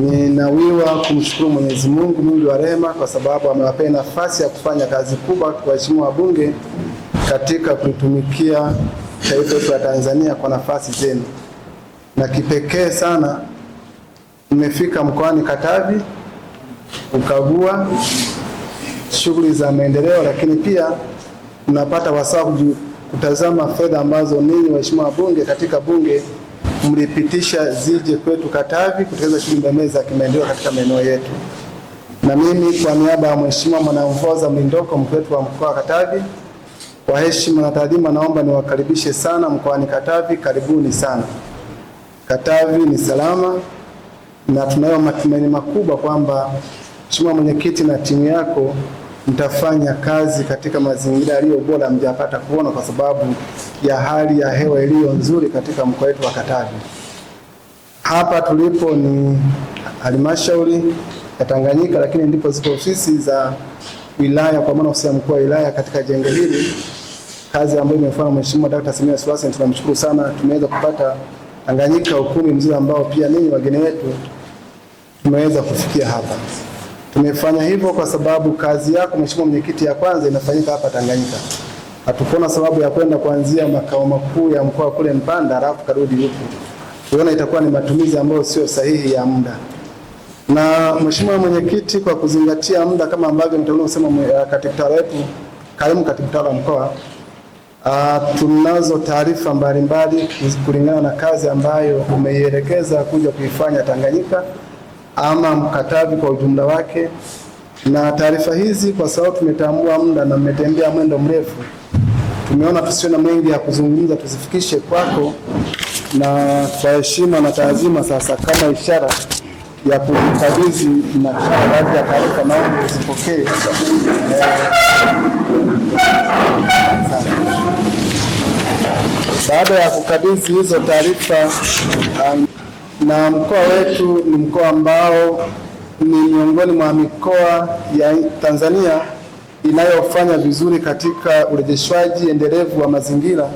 Ninawiwa kumshukuru Mwenyezi Mungu mwingi wa rehema kwa sababu amewapea nafasi ya kufanya kazi kubwa, kuwaheshimu wabunge katika kulitumikia taifa letu la Tanzania kwa nafasi zenu, na kipekee sana mmefika mkoani Katavi kukagua shughuli za maendeleo, lakini pia mnapata wasaa kutazama fedha ambazo ninyi waheshimiwa wabunge katika bunge mlipitisha zije kwetu Katavi kutekeleza shughuli mbalimbali za kimaendeleo katika maeneo yetu, na mimi kwa niaba ya Mheshimiwa Mwanamvoza mlindoko mkuu wetu wa mkoa wa Katavi, kwa heshima na taadhima, naomba niwakaribishe sana mkoani Katavi. Karibuni sana. Katavi ni salama na tunayo matumaini makubwa kwamba Mheshimiwa mwenyekiti na timu yako mtafanya kazi katika mazingira yaliyo bora, mjapata kuona kwa sababu ya hali ya hewa iliyo nzuri katika mkoa wetu wa Katavi. Hapa tulipo ni halmashauri ya Tanganyika, lakini ndipo zipo ofisi za wilaya, kwa maana ofisi ya mkuu wa wilaya katika jengo hili, kazi ambayo imefanywa Mheshimiwa Dkt. Samia Suluhu Hassan, tunamshukuru sana. Tumeweza kupata Tanganyika ukumbi mzuri ambao pia ninyi wageni wetu tumeweza kufikia hapa. Tumefanya hivyo kwa sababu kazi yako Mheshimiwa Mwenyekiti ya kwanza inafanyika hapa Tanganyika. Hatukuona sababu ya kwenda kuanzia makao makuu ya mkoa kule Mpanda alafu karudi huku. Tuona itakuwa ni matumizi ambayo sio sahihi ya muda. Na Mheshimiwa Mwenyekiti, kwa kuzingatia muda kama ambavyo mtaona usema uh, katibu tawala wetu, kaimu katibu tawala mkoa, uh, tunazo taarifa mbalimbali kulingana na kazi ambayo umeielekeza kuja kuifanya Tanganyika ama Mkatavi kwa ujumla wake. Na taarifa hizi kwa sababu tumetambua muda na mmetembea mwendo mrefu, tumeona tusiona na mengi ya kuzungumza, tuzifikishe kwako na kwa heshima na taazima. Sasa kama ishara ya kukabidhi na baadhi ya taarifa, naomba uzipokee. Baada ya kukabidhi hizo taarifa um, na mkoa wetu ni mkoa ambao ni miongoni mwa mikoa ya Tanzania inayofanya vizuri katika urejeshwaji endelevu wa mazingira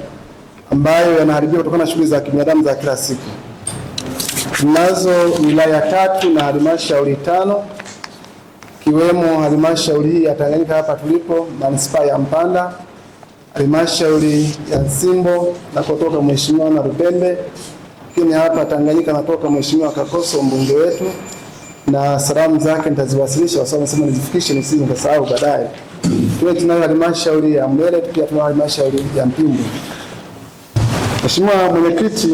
ambayo yanaharibiwa kutokana na shughuli za kibinadamu za kila siku. Tunazo wilaya tatu na halmashauri tano ikiwemo halmashauri hii ya Tanganyika hapa tulipo, manispaa ya Mpanda, halmashauri ya Nsimbo na kutoka Mheshimiwa na Rubembe lakini hapa Tanganyika natoka Mheshimiwa Kakoso mbunge wetu, na salamu zake nitaziwasilisha kwa sababu nasema nizifikishe nisije nikasahau baadaye. Tuwe tunayo halmashauri ya Mbele, pia tunayo halmashauri ya Mpimbo. Mheshimiwa Mwenyekiti,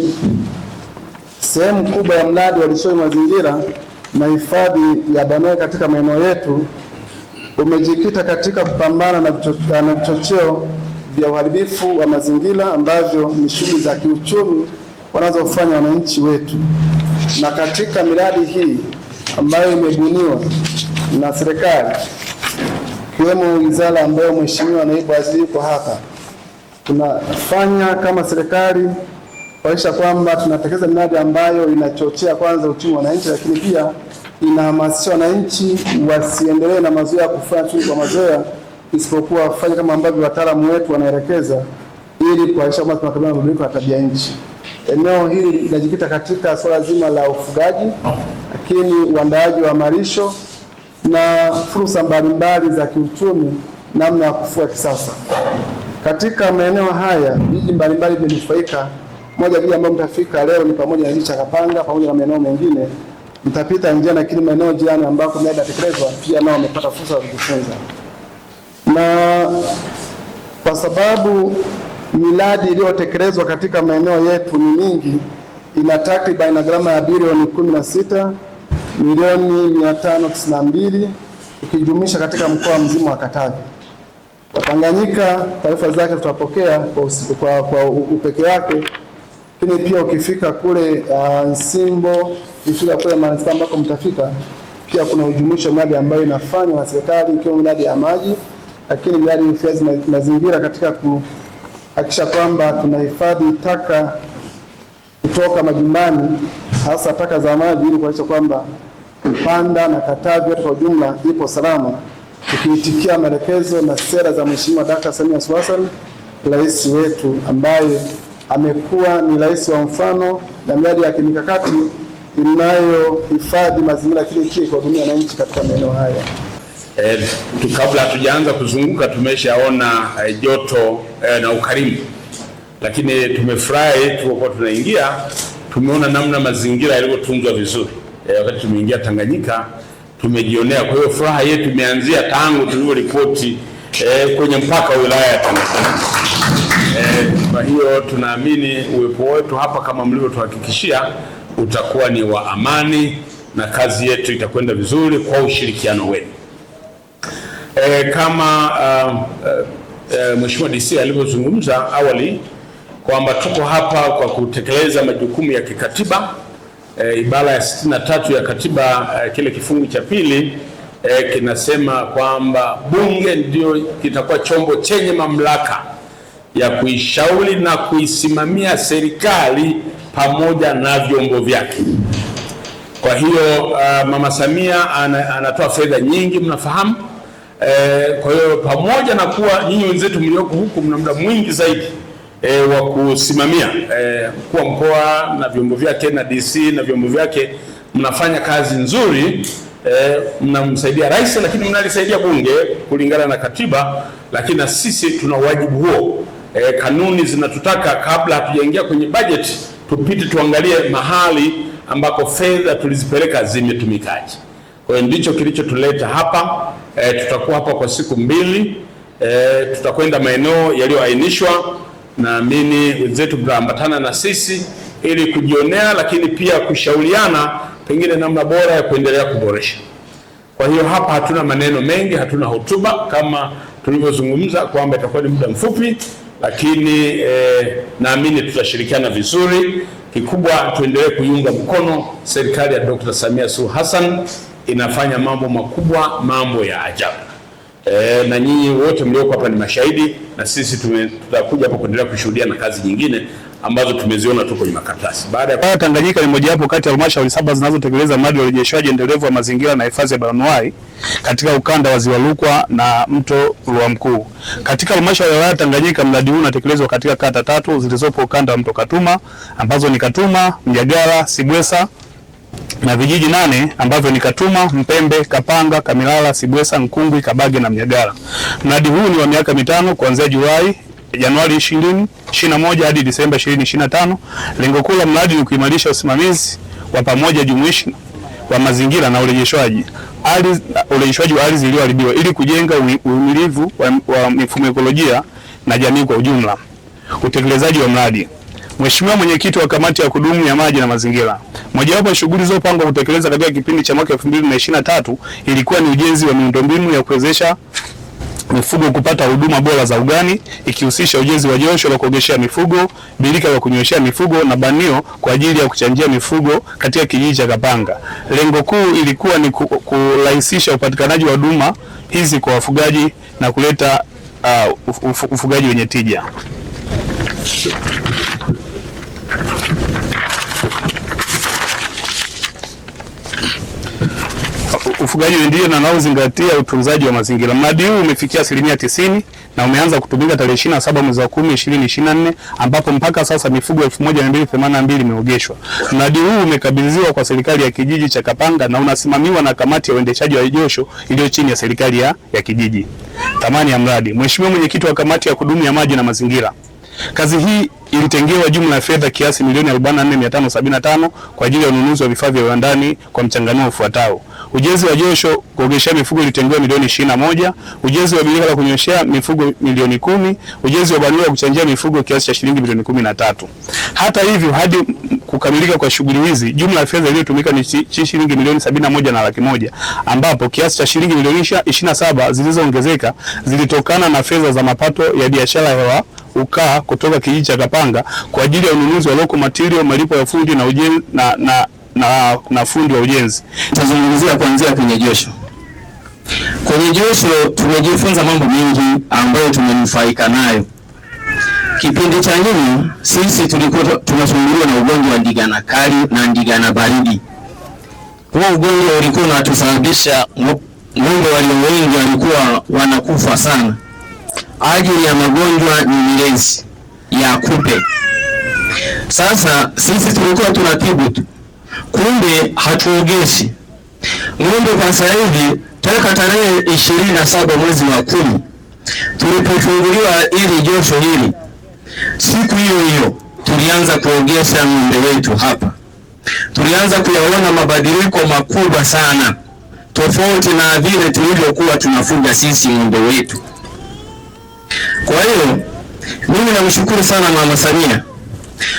sehemu kubwa ya mradi wa lisoi mazingira na hifadhi ya Banoe katika maeneo yetu umejikita katika kupambana na vichocheo vya uharibifu wa mazingira ambavyo ni shughuli za kiuchumi wanazofanya wananchi wetu, na katika miradi hii ambayo imebuniwa na serikali ikiwemo wizara ambayo mheshimiwa naibu waziri yuko hapa, tunafanya kama serikali kuhakikisha kwamba tunatekeleza miradi ambayo inachochea kwanza uchumi wa wananchi, lakini pia inahamasisha wananchi wasiendelee na mazoea ya kufanya uchumi kwa mazoea, isipokuwa fanya kama ambavyo wataalamu wetu wanaelekeza, ili kuhakikisha kwamba tunakabiliana na mabadiliko ya tabia nchi. Eneo hili linajikita katika swala zima la ufugaji, lakini uandaaji wa malisho na fursa mbalimbali za kiuchumi, namna ya kufua kisasa. Katika maeneo haya vijiji mbalimbali vimenufaika. Moja ya vijiji ambayo mtafika leo ni pamoja na kijiji Kapanga pamoja na maeneo mengine, mtapita njia, lakini maeneo jirani ambako miradi inatekelezwa pia nao wamepata fursa ya kujifunza, na kwa sababu Miradi iliyotekelezwa katika maeneo yetu ni mingi, ina takriban gharama ya bilioni 16 milioni 592 ukijumlisha katika mkoa mzima wa Katavi. Watanganyika taarifa zake tutapokea kwa, kwa, kwa upeke yake, lakini pia ukifika kule uh, Nsimbo ukifika kule manispaa ambako mtafika pia kuna ujumuisho miradi ambayo inafanywa na serikali ikiwemo miradi ya maji, lakini miradi ya mazingira katika ku hakikisha kwamba tunahifadhi taka kutoka majumbani, hasa taka za maji, ili kuhakikisha kwamba Mpanda na Katavi kwa ujumla ipo salama, tukiitikia maelekezo na sera za Mheshimiwa Dkt. Samia Suluhu Hassan, rais wetu ambaye amekuwa ni rais wa mfano na miradi ya kimikakati inayohifadhi mazingira kile kile kwa dunia na nchi katika maeneo haya eh, kabla hatujaanza kuzunguka tumeshaona eh, joto eh, na ukarimu, lakini tumefurahi tulipokuwa tunaingia tumeona namna mazingira yalivyotunzwa vizuri eh, wakati tumeingia Tanganyika tumejionea. Kwa hiyo furaha yetu imeanzia tangu tulivyoripoti eh, kwenye mpaka wa wilaya ya Tanganyika. Eh, kwa hiyo tunaamini uwepo wetu hapa kama mlivyotuhakikishia utakuwa ni wa amani na kazi yetu itakwenda vizuri kwa ushirikiano wenu. E, kama uh, uh, Mheshimiwa DC alivyozungumza awali kwamba tuko hapa kwa kutekeleza majukumu ya kikatiba e, ibara ya tatu ya katiba uh, kile kifungu cha pili e, kinasema kwamba bunge ndio kitakuwa chombo chenye mamlaka ya kuishauri na kuisimamia serikali pamoja na vyombo vyake. Kwa hiyo uh, Mama Samia anatoa fedha nyingi mnafahamu E, kwa hiyo pamoja na kuwa nyinyi wenzetu mlioko huku mna muda mwingi zaidi e, wa kusimamia mkuu eh, wa mkoa na vyombo vyake na DC na vyombo vyake, mnafanya kazi nzuri e, mnamsaidia rais, lakini mnalisaidia bunge kulingana na katiba, lakini na sisi tuna wajibu huo. E, kanuni zinatutaka kabla hatujaingia kwenye bajeti tupite tuangalie mahali ambako fedha tulizipeleka zimetumikaje. Kwa hiyo ndicho kilichotuleta hapa. E, tutakuwa hapa kwa siku mbili. E, tutakwenda maeneo yaliyoainishwa, naamini wenzetu mtaambatana na sisi ili kujionea, lakini pia kushauriana pengine namna bora ya kuendelea kuboresha. Kwa hiyo hapa hatuna maneno mengi, hatuna hotuba kama tulivyozungumza kwamba itakuwa ni muda mfupi, lakini e, naamini tutashirikiana vizuri. Kikubwa tuendelee kuiunga mkono serikali ya Dr. Samia Suluhu Hassan inafanya mambo makubwa, mambo ya ajabu e, na nyinyi wote mlioko hapa ni mashahidi, na sisi tutakuja hapa kuendelea kushuhudia na kazi nyingine ambazo tumeziona tu kwenye makaratasi. Baada ya Tanganyika ni mojawapo kati ya halmashauri saba zinazotekeleza mradi wa urejeshwaji endelevu wa mazingira na hifadhi ya bioanuwai katika ukanda wa Ziwa Rukwa na mto Ruwa Mkuu. Katika halmashauri ya wilaya Tanganyika, mradi huu unatekelezwa katika kata tatu zilizopo ukanda wa mto Katuma ambazo ni Katuma, Mjagala, Sibwesa na vijiji nane ambavyo ni Katuma, Mpembe, Kapanga, Kamilala, Sibwesa, Nkungwi, Kabage na Mnyagala. Mradi huu ni wa miaka mitano kuanzia Julai Januari 2021 hadi Disemba 2025. Lengo kuu la mradi ni kuimarisha usimamizi wa pamoja jumuishi wa mazingira na urejeshwaji urejeshwaji wa ardhi iliyoharibiwa ili kujenga uhimilivu wa, wa mifumo ekolojia na jamii kwa ujumla. Utekelezaji wa mradi Mheshimiwa Mwenyekiti wa Kamati ya Kudumu ya Maji na Mazingira, mojawapo ya shughuli zilizopangwa kutekeleza katika kipindi cha mwaka 2023 ilikuwa ni ujenzi wa miundombinu ya kuwezesha mifugo kupata huduma bora za ugani ikihusisha ujenzi wa josho la kuogeshea mifugo, birika la kunyweshea mifugo na banio kwa ajili ya kuchanjia mifugo katika kijiji cha Kapanga. Lengo kuu ilikuwa ni kurahisisha upatikanaji wa huduma hizi kwa wafugaji na kuleta uh, ufugaji wenye tija. ufugaji ndio na unaozingatia utunzaji wa mazingira. Mradi huu umefikia asilimia tisini na umeanza kutumika tarehe 27 mwezi wa 10 2024, ambapo mpaka sasa mifugo 1282 imeogeshwa. Mradi huu umekabidhiwa kwa serikali ya kijiji cha Kapanga na unasimamiwa na kamati ya uendeshaji wa josho iliyo chini ya serikali ya, ya kijiji. Thamani ya mradi. Mheshimiwa mwenyekiti wa kamati ya kudumu ya maji na mazingira, kazi hii ilitengewa jumla ya fedha kiasi milioni 44575 kwa ajili ya ununuzi wa vifaa vya viwandani kwa mchanganuo ufuatao: Ujenzi wa josho kuogeshea mifugo ilitengewa milioni ishirini na moja. Ujenzi wa birika la kunyweshea mifugo milioni kumi. Ujenzi wa bwawa la kuchanjia mifugo kiasi cha shilingi milioni kumi na tatu. Hata hivyo, hadi kukamilika kwa shughuli hizi, jumla ya fedha iliyotumika ni shilingi milioni sabini na moja na laki moja, ambapo kiasi cha shilingi milioni ishirini na saba zilizoongezeka zilitokana na fedha za mapato ya biashara hewa ukaa kutoka kijiji cha Kapanga kwa ajili ya ununuzi wa loko material, malipo ya fundi na ujenzi na, na na, na fundi wa ujenzi. Tazungumzia kuanzia kwenye josho. Kwenye josho tumejifunza mambo mengi ambayo tumenufaika nayo. Kipindi cha nyuma sisi tulikuwa tunasumbuliwa na ugonjwa wa ndigana kali na ndigana baridi. Huo ugonjwa ulikuwa unatusababisha ng'ombe walio wengi walikuwa wanakufa sana. Ajili ya magonjwa ni milezi ya kupe. Sasa sisi tulikuwa tunatibu tu kumbe hatuogesi ng'ombe. Kwa sasa hivi toka tarehe ishirini na saba mwezi wa kumi tulipofunguliwa ili josho hili, siku hiyo hiyo tulianza kuogesha ng'ombe wetu hapa. Tulianza kuyaona mabadiliko makubwa sana, tofauti na vile tulivyokuwa tunafuga sisi ng'ombe wetu. Kwa hiyo mimi namshukuru sana Mama Samia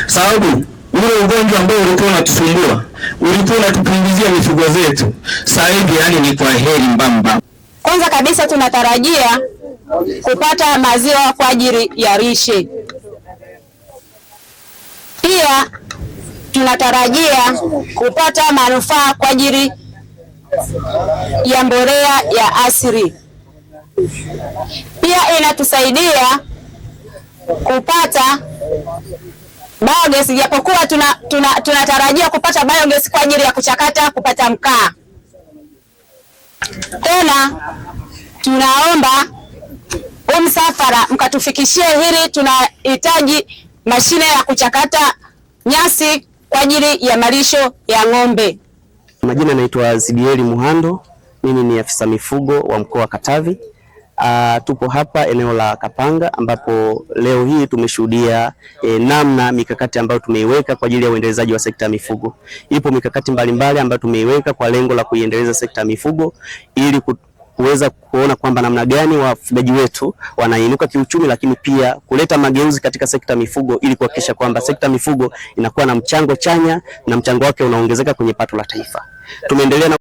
sababu ule ugonjwa ambao ulikuwa unatusumbua, ulikuwa unatupunguzia mifugo zetu, sasa hivi yani ni kwa heri mbamba. Kwanza kabisa tunatarajia kupata maziwa kwa ajili ya rishe pia tunatarajia kupata manufaa kwa ajili ya mbolea ya asili, pia inatusaidia kupata biogas, japokuwa tunatarajia tuna, tuna kupata biogas kwa ajili ya kuchakata kupata mkaa. Tena tunaomba huu msafara mkatufikishie hili, tunahitaji mashine ya kuchakata nyasi kwa ajili ya malisho ya ng'ombe. Majina anaitwa zibieli Muhando, mimi ni afisa mifugo wa mkoa wa Katavi. Uh, tupo hapa eneo la Kapanga ambapo leo hii tumeshuhudia eh, namna mikakati ambayo tumeiweka kwa ajili ya uendelezaji wa sekta ya mifugo. Ipo mikakati mbalimbali ambayo tumeiweka kwa lengo la kuiendeleza sekta ya mifugo ili kuweza kuona kwamba namna gani wafugaji wetu wanainuka kiuchumi, lakini pia kuleta mageuzi katika sekta mifugo ili kuhakikisha kwamba sekta mifugo inakuwa na mchango chanya na mchango wake unaongezeka kwenye pato la taifa. Tumeendelea na